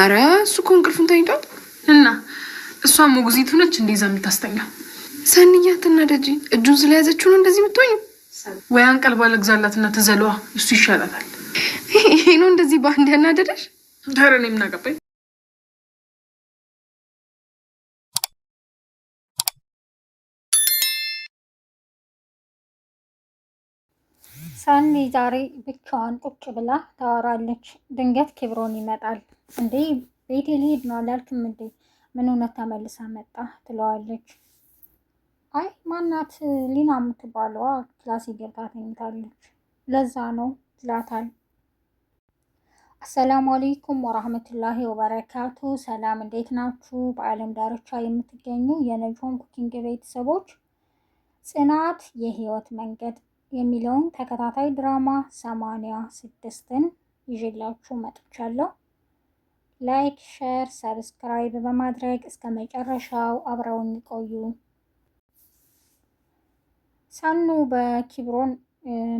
አረ እሱ እኮ እንቅልፉን ተኝቷል። እና እሷ ሞግዚት ሆነች እንደዛ የምታስተኛው እና ደጂ እጁን ስለያዘችው ነው እንደዚህ የምትሆኝ። ወይ አንቀልባ ለግዛላትና ተዘለዋ፣ እሱ ይሻላታል። ይሄ ነው እንደዚህ በአንድ ያናደደሽ? ኧረ እኔ ምን አገባኝ ሳኒ ዛሬ ብቻዋን ቁጭ ብላ ታወራለች። ድንገት ክብሮን ይመጣል። እንዴ ቤቴ ሊሄድ ነው አላልክም እንዴ? ምን እውነት ተመልሳ መጣ ትለዋለች። አይ ማናት ሊና የምትባለዋ ክላስ ገብታ ተኝታለች፣ ለዛ ነው ትላታል። አሰላሙ አሌይኩም ወራህመቱላሂ ወበረካቱ። ሰላም እንዴት ናችሁ? በአለም ዳርቻ የምትገኙ የነጆን ኩኪንግ ቤተሰቦች ጽናት የህይወት መንገድ የሚለውን ተከታታይ ድራማ ሰማንያ ስድስትን ይዤላችሁ መጥቻለሁ። ላይክ፣ ሸር፣ ሰብስክራይብ በማድረግ እስከ መጨረሻው አብረውን ይቆዩ። ሳኑ በኪብሮን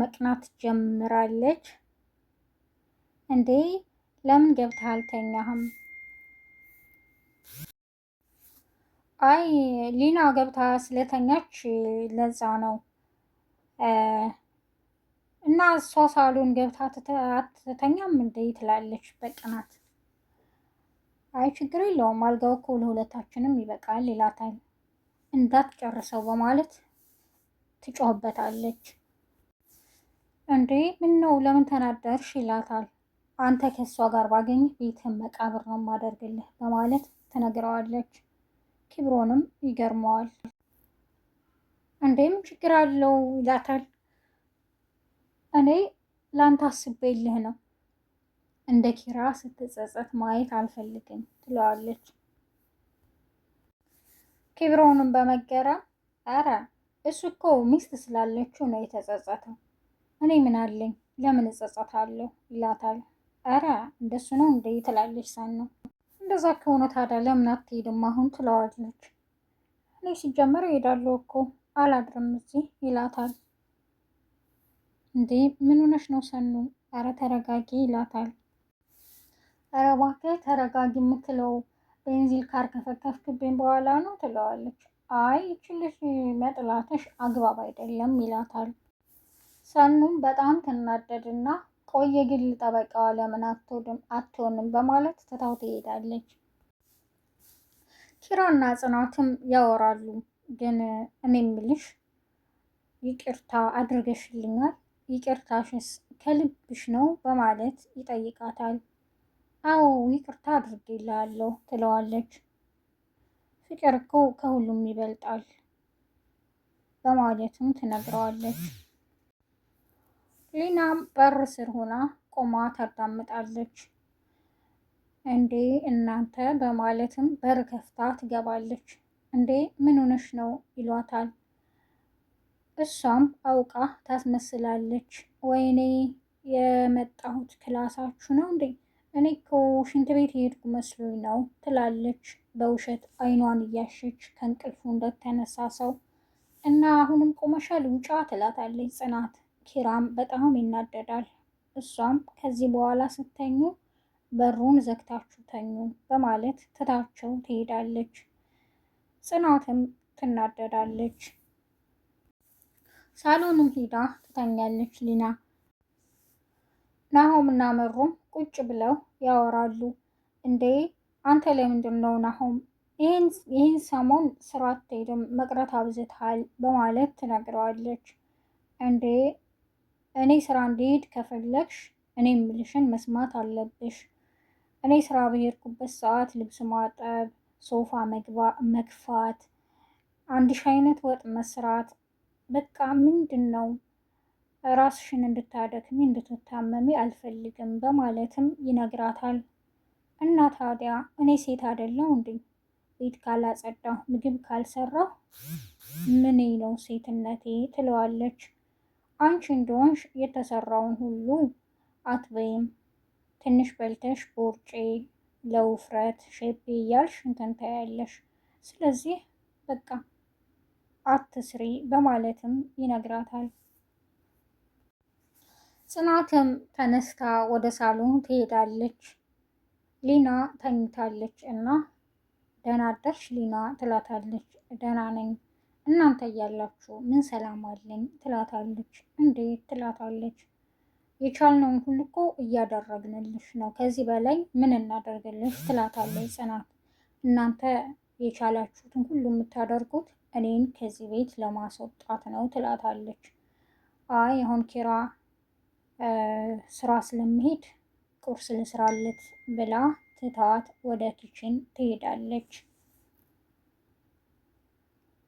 መቅናት ጀምራለች። እንዴ ለምን ገብተህ አልተኛህም? አይ ሊና ገብታ ስለተኛች ለዛ ነው እና እሷ ሳሎን ገብታ አትተኛም እንዴ ትላለች በቅናት። አይ ችግር የለውም አልጋው እኮ ለሁለታችንም ይበቃል ይላታል። እንዳትጨርሰው በማለት ትጮህበታለች። እንዴ ምን ነው ለምን ተናደርሽ? ይላታል። አንተ ከእሷ ጋር ባገኝ ቤትህን መቃብር ነው ማደርግልህ በማለት ትነግረዋለች። ኪብሮንም ይገርመዋል። እንዴም ችግር አለው ይላታል። እኔ ላንተ አስቤልህ ነው እንደ ኪራ ስትጸጸት ማየት አልፈልግም ትለዋለች። ኪብሮንም በመገረም አረ እሱ እኮ ሚስት ስላለችው ነው የተጸጸተው፣ እኔ ምን አለኝ ለምን እጸጸታለሁ ይላታል። አረ እንደሱ ነው እንደ ትላለች ሳን ነው እንደዛ ከሆነ ታዲያ ለምን አትሄድም አሁን ትለዋለች። እኔ ሲጀመር እሄዳለሁ እኮ አላድርም እዚህ ይላታል። እንዴ ምን ሆነሽ ነው ሰኑ? ኧረ ተረጋጊ ይላታል። ኧረ እባክህ ተረጋጊ የምትለው ቤንዚል ካር ካርከፈከፍክብኝ በኋላ ነው ትለዋለች። አይ ይቺ መጥላትሽ አግባብ አይደለም ይላታል። ሰኑም በጣም ትናደድና ቆየ ግል ጠበቃዋ ለምን አትሆንም በማለት ትታው ትሄዳለች። ኪራና ጽናትም ያወራሉ። ግን እኔ የምልሽ ይቅርታ አድርገሽልኛል፣ ይቅርታሽስ ከልብሽ ነው በማለት ይጠይቃታል። አዎ ይቅርታ አድርጌልሃለሁ ትለዋለች። ፍቅር እኮ ከሁሉም ይበልጣል በማለትም ትነግረዋለች። ሊናም በር ስር ሆና ቆማ ታዳምጣለች። እንዴ እናንተ በማለትም በር ከፍታ ትገባለች። እንዴ ምን ሆነሽ ነው ይሏታል። እሷም አውቃ ታስመስላለች። ወይኔ የመጣሁት ክላሳችሁ ነው እንዴ? እኔ እኮ ሽንት ቤት የሄድኩ መስሎኝ ነው ትላለች፣ በውሸት አይኗን እያሸች ከእንቅልፉ እንደተነሳ ሰው። እና አሁንም ቆመሻል ውጫ ትላታለች ጽናት። ኪራም በጣም ይናደዳል። እሷም ከዚህ በኋላ ስተኙ በሩን ዘግታችሁ ተኙ በማለት ትታቸው ትሄዳለች። ጽናትም ትናደዳለች። ሳሎኑም ሂዳ ትተኛለች። ሊና ናሆም እና መሩም ቁጭ ብለው ያወራሉ። እንዴ አንተ ለምንድን ነው ናሆም ይህን ሰሞን ስራ አትሄድም መቅረት አብዝተሃል በማለት ትነግረዋለች። እንዴ እኔ ስራ እንዲሄድ ከፈለግሽ እኔ ምልሽን መስማት አለብሽ። እኔ ስራ ብሄድኩበት ሰዓት ልብስ ማጠብ ሶፋ መግፋት፣ አንድ ሺ አይነት ወጥ መስራት፣ በቃ ምንድን ነው ራስሽን እንድታደክሚ እንድትታመሚ አልፈልግም በማለትም ይነግራታል። እና ታዲያ እኔ ሴት አይደለሁ እንዴ? ቤት ካላጸዳሁ ምግብ ካልሰራሁ ምኔ ነው ሴትነቴ? ትለዋለች። አንቺ እንደሆንሽ የተሰራውን ሁሉ አትበይም፣ ትንሽ በልተሽ ቦርጬ ለውፍረት ሼፕ እያልሽ እንትን ታያለሽ። ስለዚህ በቃ አትስሪ በማለትም ይነግራታል። ጽናትም ተነስታ ወደ ሳሎን ትሄዳለች። ሊና ተኝታለች እና ደህና አደርሽ ሊና ትላታለች። ደህና ነኝ እናንተ እያላችሁ ምን ሰላም አለኝ ትላታለች። እንዴት ትላታለች። የቻልነውን ሁሉ እኮ እያደረግንልሽ ነው፣ ከዚህ በላይ ምን እናደርግልሽ ትላታለች ጽናት። እናንተ የቻላችሁትን ሁሉ የምታደርጉት እኔን ከዚህ ቤት ለማስወጣት ነው ትላታለች። አይ አሁን ኪራ ስራ ስለምሄድ ቁርስ ልስራለት ብላ ትታት ወደ ኪችን ትሄዳለች።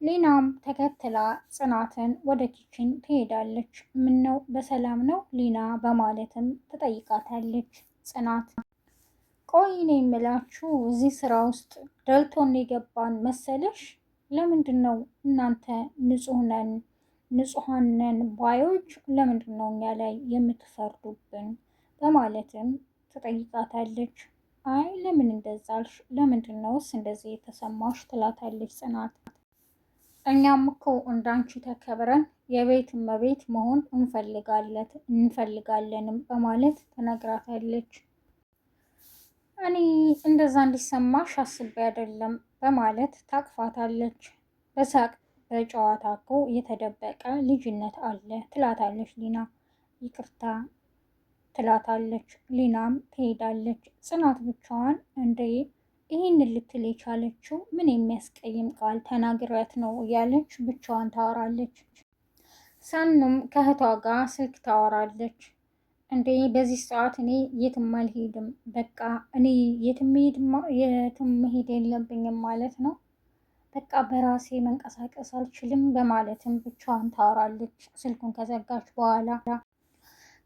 ሊናም ተከትላ ጽናትን ወደ ኪችን ትሄዳለች። ምነው በሰላም ነው ሊና በማለትም ትጠይቃታለች። ጽናት ቆይ እኔ የምላችሁ እዚህ ስራ ውስጥ ደልቶን የገባን መሰለሽ? ለምንድን ነው እናንተ ንጹህ ነን ንጹሐን ነን ባዮች ለምንድን ነው እኛ ላይ የምትፈርዱብን? በማለትም ትጠይቃታለች። አይ ለምን እንደዛ ለምንድነውስ ለምንድን ነውስ እንደዚህ የተሰማሽ? ትላታለች ጽናት እኛም እኮ እንዳንቺ ተከብረን የቤት እመቤት መሆን እንፈልጋለንም በማለት ትነግራታለች። እኔ እንደዛ እንዲሰማሽ አስቤ አይደለም በማለት ታቅፋታለች። በሳቅ በጨዋታ እኮ የተደበቀ ልጅነት አለ ትላታለች ሊና። ይቅርታ ትላታለች። ሊናም ትሄዳለች። ጽናት ብቻዋን እንደ ይህንን ልትል የቻለችው ምን የሚያስቀይም ቃል ተናግሪያት ነው እያለች ብቻዋን ታወራለች። ሳኑም ከእህቷ ጋር ስልክ ታወራለች። እንዴ በዚህ ሰዓት እኔ የትም አልሄድም፣ በቃ እኔ የትም መሄድ የለብኝም ማለት ነው፣ በቃ በራሴ መንቀሳቀስ አልችልም በማለትም ብቻዋን ታወራለች። ስልኩን ከዘጋች በኋላ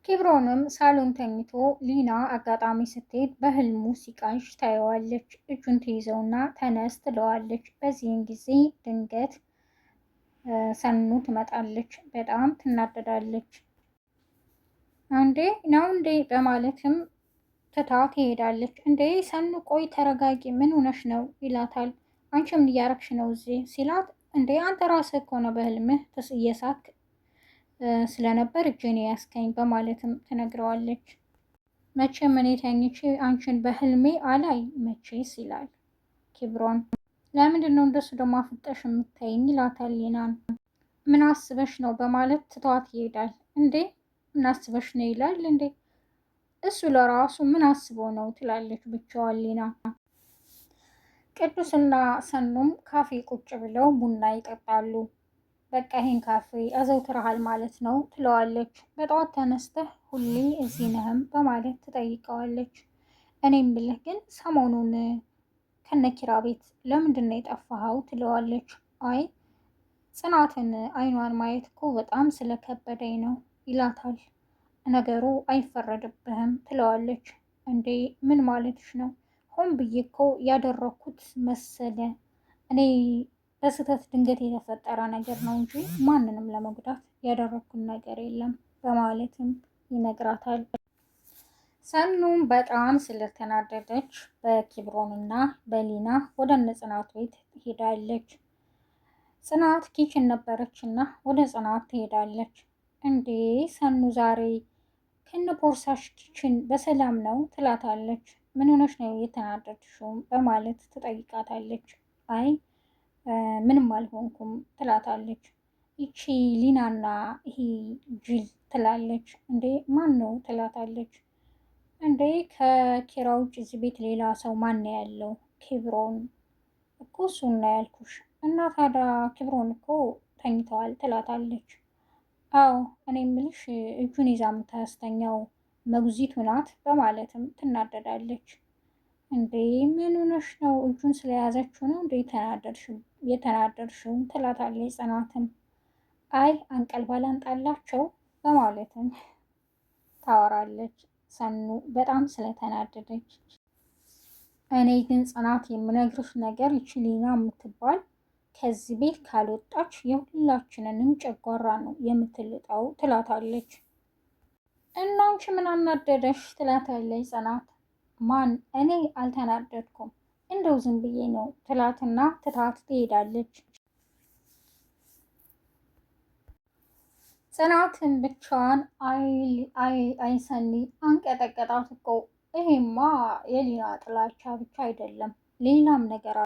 ኬብሮንም ሳሎን ተኝቶ ሊና አጋጣሚ ስትሄድ በህልሙ ሲቃዥ ታየዋለች። እጁን ትይዘውና ተነስ ትለዋለች። በዚህን ጊዜ ድንገት ሰኑ ትመጣለች። በጣም ትናደዳለች። አንዴ ነው እንዴ በማለትም ትታ ትሄዳለች። እንዴ ሰኑ ቆይ ተረጋጊ፣ ምን ሆነሽ ነው ይላታል። አንቺ ምን እያረግሽ ነው እዚህ ሲላት፣ እንዴ አንተ ራስህ ከሆነ በህልምህ እየሳት ስለነበር እጄን ያስከኝ በማለትም ትነግረዋለች። መቼም እኔ ተኝቼ አንቺን በህልሜ አላይ መቼስ ይላል ኪብሮን። ለምንድን ነው እንደሱ ደግሞ አፍጠሽ የምታይኝ ይላታል ሊናን። ምን አስበሽ ነው በማለት ትተዋት ይሄዳል። እንዴ ምን አስበሽ ነው ይላል። እንዴ እሱ ለራሱ ምን አስቦ ነው ትላለች ብቻዋን ሊና። ቅዱስና ሰኑም ካፌ ቁጭ ብለው ቡና ይጠጣሉ። በቃ ይሄን ካፌ አዘውትረሃል ማለት ነው ትለዋለች። በጠዋት ተነስተህ ሁሌ እዚህ ነህም በማለት ትጠይቀዋለች። እኔም ብልህ ግን ሰሞኑን ከነኪራ ቤት ለምንድን ነው የጠፋኸው? ትለዋለች። አይ ጽናትን አይኗን ማየት እኮ በጣም ስለከበደኝ ነው ይላታል። ነገሩ አይፈረድብህም ትለዋለች። እንዴ ምን ማለትሽ ነው? ሆን ብዬ እኮ ያደረኩት መሰለ እኔ በስህተት ድንገት የተፈጠረ ነገር ነው እንጂ ማንንም ለመጉዳት ያደረግኩት ነገር የለም በማለትም ይነግራታል። ሰኑም በጣም ስለተናደደች በኪብሮንና በሊና ወደ እነ ጽናት ቤት ትሄዳለች። ጽናት ኪችን ነበረች እና ወደ ጽናት ትሄዳለች። እንዴ ሰኑ ዛሬ ከነ ቦርሳሽ ኪችን በሰላም ነው ትላታለች። ምን ሆነሽ ነው የተናደድሽው? በማለት ትጠይቃታለች። አይ ምንም አልሆንኩም ትላታለች። ይቺ ሊናና ይሄ ጅል ትላለች። እንዴ ማን ነው ትላታለች። እንዴ ከኪራ ውጭ እዚህ ቤት ሌላ ሰው ማን ያለው? ኪብሮን እኮ እሱን ነው ያልኩሽ። እና ታዲያ ኪብሮን እኮ ተኝተዋል ትላታለች። አዎ እኔ ምልሽ እጁን ይዛ የምታስተኛው መጉዚቱ ናት በማለትም ትናደዳለች። እንዴ ምን ሆነሽ ነው? እጁን ስለያዘችው ነው እንዴ የተናደድሽው? ትላታለች ጽናትን። አይ አንቀልባ ላንጣላቸው በማለትም ታወራለች። ሰኑ በጣም ስለተናደደች እኔ ግን ጽናት የምነግርሽ ነገር ይቺ ሊና የምትባል ከዚህ ቤት ካልወጣች የሁላችንንም ጨጓራ ነው የምትልጠው ትላታለች። እናንቺ ምን አናደደሽ? ትላታለች ጽናት ማን እኔ አልተናደድኩም እንደው ዝም ብዬ ነው ትላትና ትታት ትሄዳለች። ጽናትን ብቻዋን አይሰኒ አንቀጠቀጣት እኮ። ይሄማ የሊና ጥላቻ ብቻ አይደለም ሌላም ነገር